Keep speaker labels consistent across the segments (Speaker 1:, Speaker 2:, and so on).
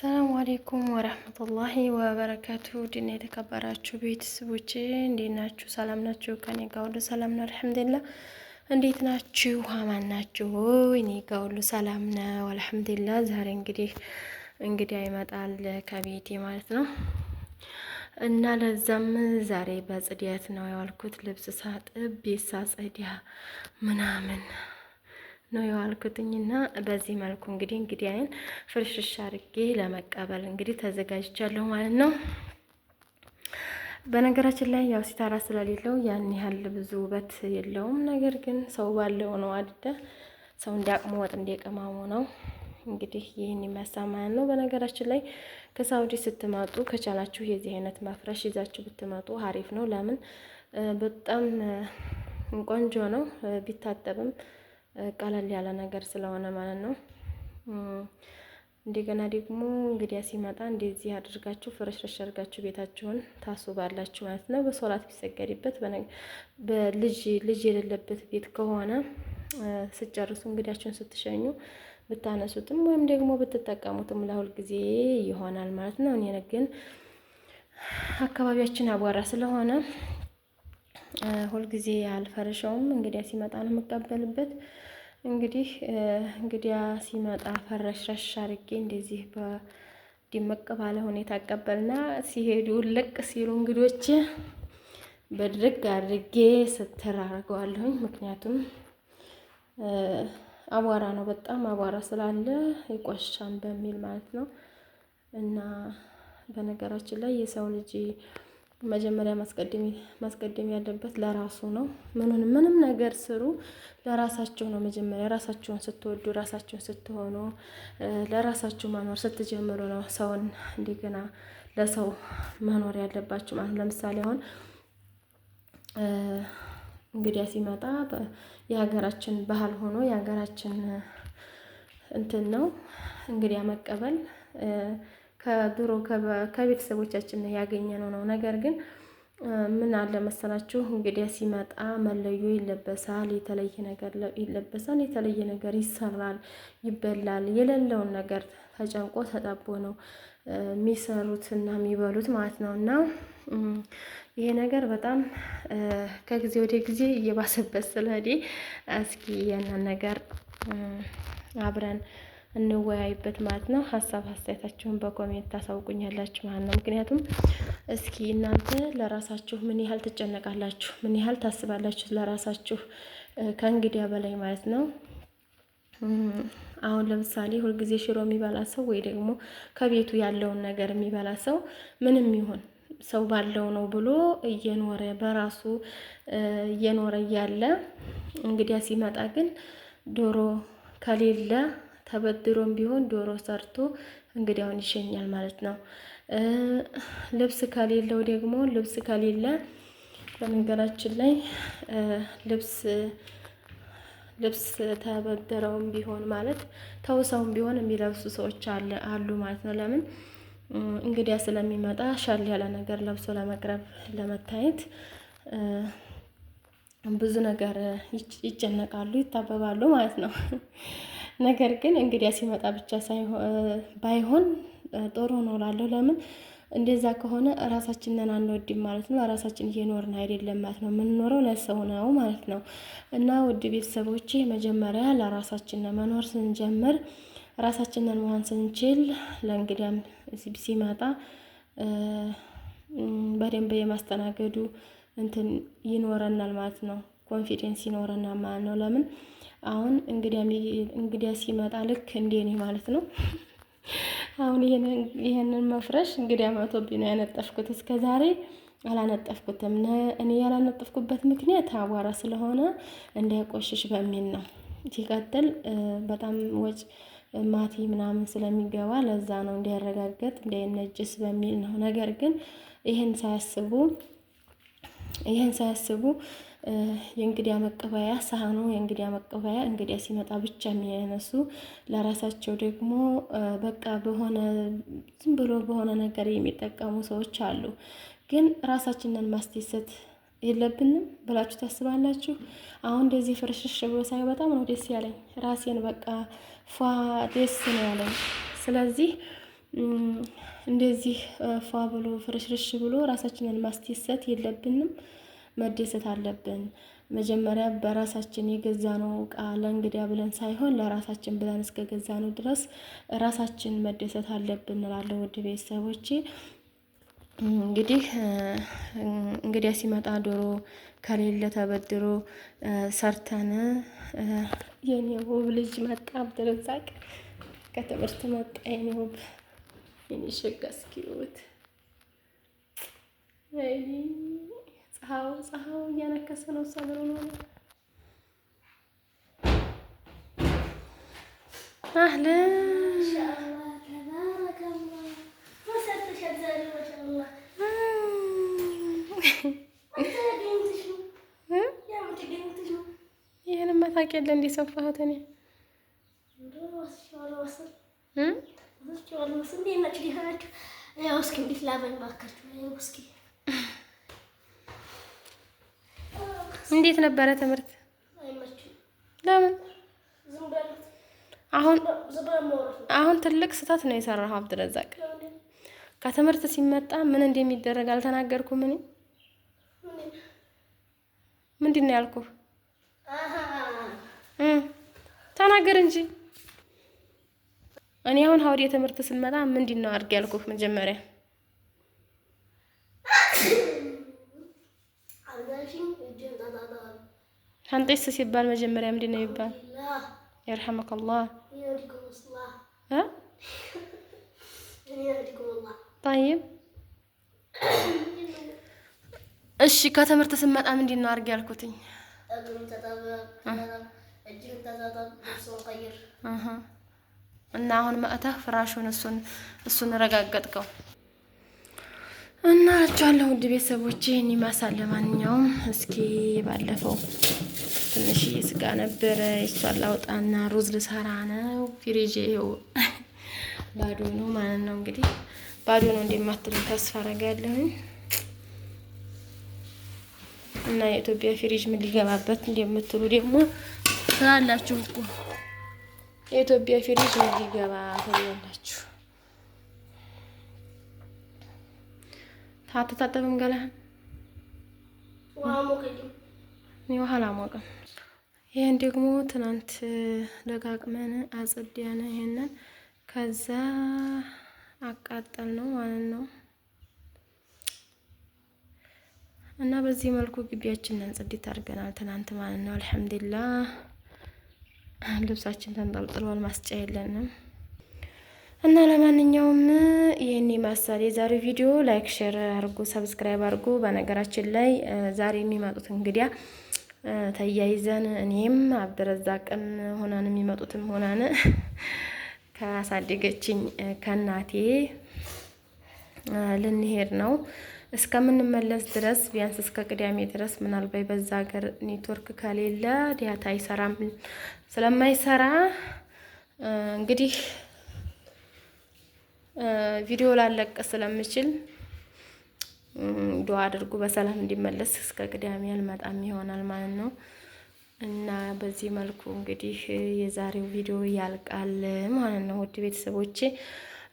Speaker 1: አሰላሙ አሌይኩም ወረህመቱላሂ ወበረካቱ ድና የተከበራችሁ ቤተሰቦች እንዴት ናችሁ? ሰላም ናችሁ? ከኔ ጋ ሁሉ ሰላም ነው አልሐምዱሊላህ። እንዴት ናችሁ? አማን ናችሁ? እኔ ጋ ሁሉ ሰላም ነው አልሐምዱሊላህ። ዛሬ እንግዲህ እንግዲህ ይመጣል ከቤቴ ማለት ነው እና ለዛም ዛሬ በጽድያት ነው የዋልኩት ልብስ ሳጥብ ቤት ሳጸዳ ምናምን ነው የዋልኩትኝ እና በዚህ መልኩ እንግዲህ እንግዲህ አይን ፍርሽሽ አድርጌ ለመቀበል እንግዲህ ተዘጋጅቻለሁ ማለት ነው። በነገራችን ላይ ያው ሲታራ ስለሌለው ያን ያህል ብዙ ውበት የለውም። ነገር ግን ሰው ባለው ነው አድደ ሰው እንዲያቅሙ ወጥ እንዲቀማሙ ነው እንግዲህ ይህን ይመስላል ማለት ነው። በነገራችን ላይ ከሳውዲ ስትመጡ ከቻላችሁ የዚህ አይነት መፍረሽ ይዛችሁ ብትመጡ አሪፍ ነው። ለምን በጣም ቆንጆ ነው ቢታጠብም ቀለል ያለ ነገር ስለሆነ ማለት ነው። እንደገና ደግሞ እንግዲያ ሲመጣ እንደዚህ አድርጋችሁ ፍረሽረሽ አድርጋችሁ ቤታችሁን ታስውባላችሁ ማለት ነው። በሶላት ቢሰገድበት በልጅ ልጅ የሌለበት ቤት ከሆነ ስጨርሱ እንግዲያችሁን ስትሸኙ ብታነሱትም ወይም ደግሞ ብትጠቀሙትም ለሁል ጊዜ ይሆናል ማለት ነው። እኔ ግን አካባቢያችን አቧራ ስለሆነ ሁልጊዜ አልፈረሻውም። እንግዲያ ሲመጣ ነው የምቀበልበት። እንግዲህ እንግዲያ ሲመጣ ፈረሽረሽ አድርጌ እንደዚህ በድምቅ ባለ ሁኔታ አቀበልና ሲሄዱ ልቅ ሲሉ እንግዶች በድርግ አድርጌ ስትር አድርገዋለሁኝ። ምክንያቱም አቧራ ነው፣ በጣም አቧራ ስላለ ይቆሻን በሚል ማለት ነው። እና በነገራችን ላይ የሰው ልጅ መጀመሪያ ማስቀደም ያለበት ለራሱ ነው። ምንም ምንም ነገር ስሩ ለራሳቸው ነው። መጀመሪያ ራሳቸውን ስትወዱ፣ ራሳቸውን ስትሆኑ፣ ለራሳቸው መኖር ስትጀምሩ ነው ሰውን እንደገና ለሰው መኖር ያለባቸው ማለት ለምሳሌ አሁን እንግዲያ ሲመጣ የሀገራችን ባህል ሆኖ የሀገራችን እንትን ነው እንግዲያ መቀበል ከድሮ ከቤተሰቦቻችን ያገኘነው ነው። ነገር ግን ምን አለ መሰላችሁ እንግዲያ ሲመጣ መለዮ ይለበሳል፣ የተለየ ነገር ይለበሳል፣ የተለየ ነገር ይሰራል፣ ይበላል። የሌለውን ነገር ተጨንቆ ተጠቦ ነው የሚሰሩት እና የሚበሉት ማለት ነው። እና ይሄ ነገር በጣም ከጊዜ ወደ ጊዜ እየባሰበት ስለሄደ እስኪ ያንን ነገር አብረን እንወያይበት ማለት ነው። ሀሳብ አስተያየታችሁን በኮሜንት ታሳውቁኛላችሁ ማለት ነው። ምክንያቱም እስኪ እናንተ ለራሳችሁ ምን ያህል ትጨነቃላችሁ? ምን ያህል ታስባላችሁ ለራሳችሁ ከእንግዲያ በላይ ማለት ነው። አሁን ለምሳሌ ሁልጊዜ ሽሮ የሚበላ ሰው ወይ ደግሞ ከቤቱ ያለውን ነገር የሚበላ ሰው ምንም ይሁን ሰው ባለው ነው ብሎ እየኖረ በራሱ እየኖረ እያለ እንግዲያ ሲመጣ ግን ዶሮ ከሌለ ተበድሮም ቢሆን ዶሮ ሰርቶ እንግዲያውን ይሸኛል ማለት ነው። ልብስ ከሌለው ደግሞ ልብስ ከሌለ በነገራችን ላይ ልብስ ልብስ ተበደረውም ቢሆን ማለት ተውሰውም ቢሆን የሚለብሱ ሰዎች አሉ ማለት ነው። ለምን እንግዲያ ስለሚመጣ ሻል ያለ ነገር ለብሶ ለመቅረብ ለመታየት ብዙ ነገር ይጨነቃሉ፣ ይታበባሉ ማለት ነው። ነገር ግን እንግዲያ ሲመጣ ብቻ ባይሆን ጥሩ እኖራለሁ። ለምን እንደዛ ከሆነ ራሳችንን አንወድም ማለት ነው። ራሳችን እየኖርን አይደለም ማለት ነው። የምንኖረው ለሰው ነው ማለት ነው። እና ውድ ቤተሰቦቼ መጀመሪያ ለራሳችን መኖር ስንጀምር ራሳችንን መሆን ስንችል ለእንግዲያም ሲመጣ በደንብ የማስተናገዱ እንትን ይኖረናል ማለት ነው። ኮንፊደንስ ይኖረናል ማለት ነው። ለምን አሁን እንግዲያ ሲመጣ ልክ እንደኔ ማለት ነው። አሁን ይሄንን መፍረሽ እንግዲያ መቶብኝ ነው ያነጠፍኩት። እስከ ዛሬ አላነጠፍኩትም። እኔ ያላነጠፍኩበት ምክንያት አቧራ ስለሆነ እንዳይቆሽሽ በሚል ነው። ሲቀጥል በጣም ወጭ ማቲ ምናምን ስለሚገባ ለዛ ነው እንዲያረጋግጥ እንዳይነጅስ በሚል ነው። ነገር ግን ይህን ሳያስቡ ይህን ሳያስቡ የእንግዲያ መቀበያ ሳህኑ የእንግዳ መቀበያ እንግዲያ ሲመጣ ብቻ የሚያነሱ ለራሳቸው ደግሞ በቃ በሆነ ዝም ብሎ በሆነ ነገር የሚጠቀሙ ሰዎች አሉ። ግን ራሳችንን ማስደሰት የለብንም ብላችሁ ታስባላችሁ? አሁን እንደዚህ ፍርሽሽ ብሎ ሳይ በጣም ነው ደስ ያለኝ። ራሴን በቃ ፏ ደስ ነው ያለኝ። ስለዚህ እንደዚህ ፏ ብሎ ፍርሽርሽ ብሎ ራሳችንን ማስደሰት የለብንም። መደሰት አለብን። መጀመሪያ በራሳችን የገዛ ነው እቃ ለእንግዳ ብለን ሳይሆን ለራሳችን ብለን እስከ ገዛ ነው ድረስ ራሳችን መደሰት አለብን እንላለን። ውድ ቤተሰቦቼ እንግዲህ እንግዳ ሲመጣ ዶሮ ከሌለ ተበድሮ ሰርተን የኔ ውብ ልጅ መጣ ብትረዛቅ ከትምህርት መጣ የኔ ውብ የኔ ሸጋ እስኪሉት ፀሐው ፀሐው እያነከሰ ነው። እሷ ምን ሆኖ ነው? አህለን ይህንማ ታውቂያለህ? እንደ ሰፋሁት እኔ
Speaker 2: እስኪ እንዴት ላበኝ እባካችሁ እስኪ
Speaker 1: እንዴት ነበረ ትምህርት? ለምን አሁን አሁን ትልቅ ስህተት ነው የሰራው አብድረዛቅ። ከትምህርት ሲመጣ ምን እንደሚደረግ አልተናገርኩም እኔ። ምንድን ነው ያልኩ? ተናገር እንጂ እኔ አሁን ሀውድ የትምህርት ስመጣ ምንድን ነው አድርግ ያልኩህ መጀመሪያ ሻንጤስ ሲባል መጀመሪያ ምንድን ነው ይባል? የርሐመከ አላህ ጠይብ። እሺ ከትምህርት ስመጣ ምንድን ነው አድርጌ ያልኩትኝ? እና አሁን መእተህ ፍራሹን እሱን እሱን ረጋገጥከው። እና አላችኋለሁ ውድ ቤተሰቦቼ ይህን ማሳ ለማንኛውም እስኪ ባለፈው ትንሽ ስጋ ነበረ እሷን ላውጣና ሩዝ ልሰራ ነው። ፍሪጅ ይኸው ባዶ ነው ማለት ነው። እንግዲህ ባዶ ነው እንደማትሉ ተስፋ አደርጋለሁ። እና የኢትዮጵያ ፍሪጅ ምን ሊገባበት እንደምትሉ ደግሞ ስላላችሁ እኮ የኢትዮጵያ ፍሪጅ ምን ሊገባ ትላላችሁ። አትታጠብም ገላህን? እኔ ውሃ አላሞቅም። ይህን ደግሞ ትናንት ደጋቅመን አጽድያነ ይሄንን ከዛ አቃጠል ነው ማለት ነው። እና በዚህ መልኩ ግቢያችንን ጽድት አድርገናል ትናንት ማለት ነው። አልሐምዱሊላህ ልብሳችን ተንጠልጥሏል። ማስጫ የለንም። እና ለማንኛውም ይህን ይመስላል የዛሬው ቪዲዮ። ላይክ፣ ሼር አርጉ፣ ሰብስክራይብ አርጉ። በነገራችን ላይ ዛሬ የሚመጡት እንግዲያ ተያይዘን እኔም አብድረዛቅም ሆናን የሚመጡትም ሆናን ከአሳደገችኝ ከእናቴ ልንሄድ ነው። እስከምንመለስ ድረስ ቢያንስ እስከ ቅዳሜ ድረስ ምናልባት በዛ ሀገር ኔትወርክ ከሌለ ዲያታ አይሰራም። ስለማይሰራ እንግዲህ ቪዲዮ ላለቀ ስለምችል ዱዓ አድርጉ። በሰላም እንዲመለስ እስከ ቅዳሜ አልመጣም ይሆናል ማለት ነው። እና በዚህ መልኩ እንግዲህ የዛሬው ቪዲዮ ያልቃል ማለት ነው። ውድ ቤተሰቦቼ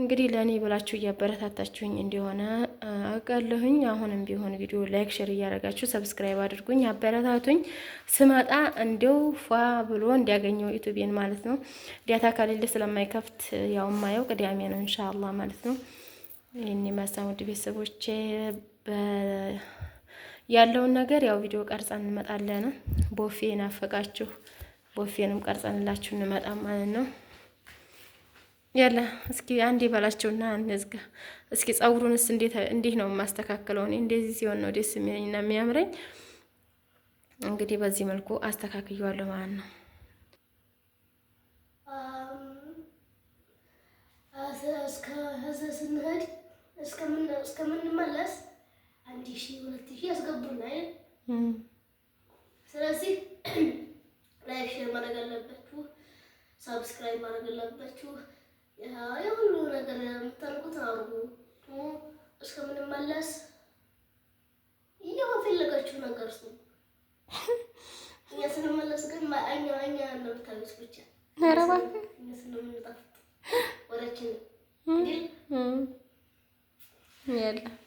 Speaker 1: እንግዲህ ለእኔ ብላችሁ እያበረታታችሁኝ እንደሆነ አውቃለሁኝ። አሁንም ቢሆን ቪዲዮ ላይክ፣ ሼር እያደረጋችሁ ሰብስክራይብ አድርጉኝ፣ አበረታቱኝ። ስመጣ እንዲው ፏ ብሎ እንዲያገኘው ዩቱቤን ማለት ነው። ዲያታ ከሌለ ስለማይከፍት ያው ማየው ቅዳሜ ነው እንሻላ ማለት ነው። ይህን የማሳም ውድ ቤተሰቦቼ ያለውን ነገር ያው ቪዲዮ ቀርጸን እንመጣለን። ቦፌ ናፈቃችሁ፣ ቦፌንም ቀርጸንላችሁ እንመጣ ማለት ነው። ያለ እስኪ አንዴ በላቸውና እንዝጋ። እስኪ ጸጉሩንስ እንዴት ነው የማስተካክለው? እኔ እንደዚህ ሲሆን ነው ደስ የሚለኝና የሚያምረኝ። እንግዲህ በዚህ መልኩ አስተካክየዋለሁ ማለት ነው።
Speaker 2: ስንሄድ እስከምንመለስ አንድ ሺ ሁለት ሺ ያስገቡና ስለዚህ ላይክ ሼር ማድረግ አለባችሁ። ሰብስክራይብ ማድረግ አለባችሁ። የሁሉ ነገር የምታደርጉት አድርጉ። እስከምንመለስ የፈለጋችሁ ነገር እሱ እኛ ስንመለስ ግን እኛ እኛ ነው የምታዩት ብቻ
Speaker 1: ወራችን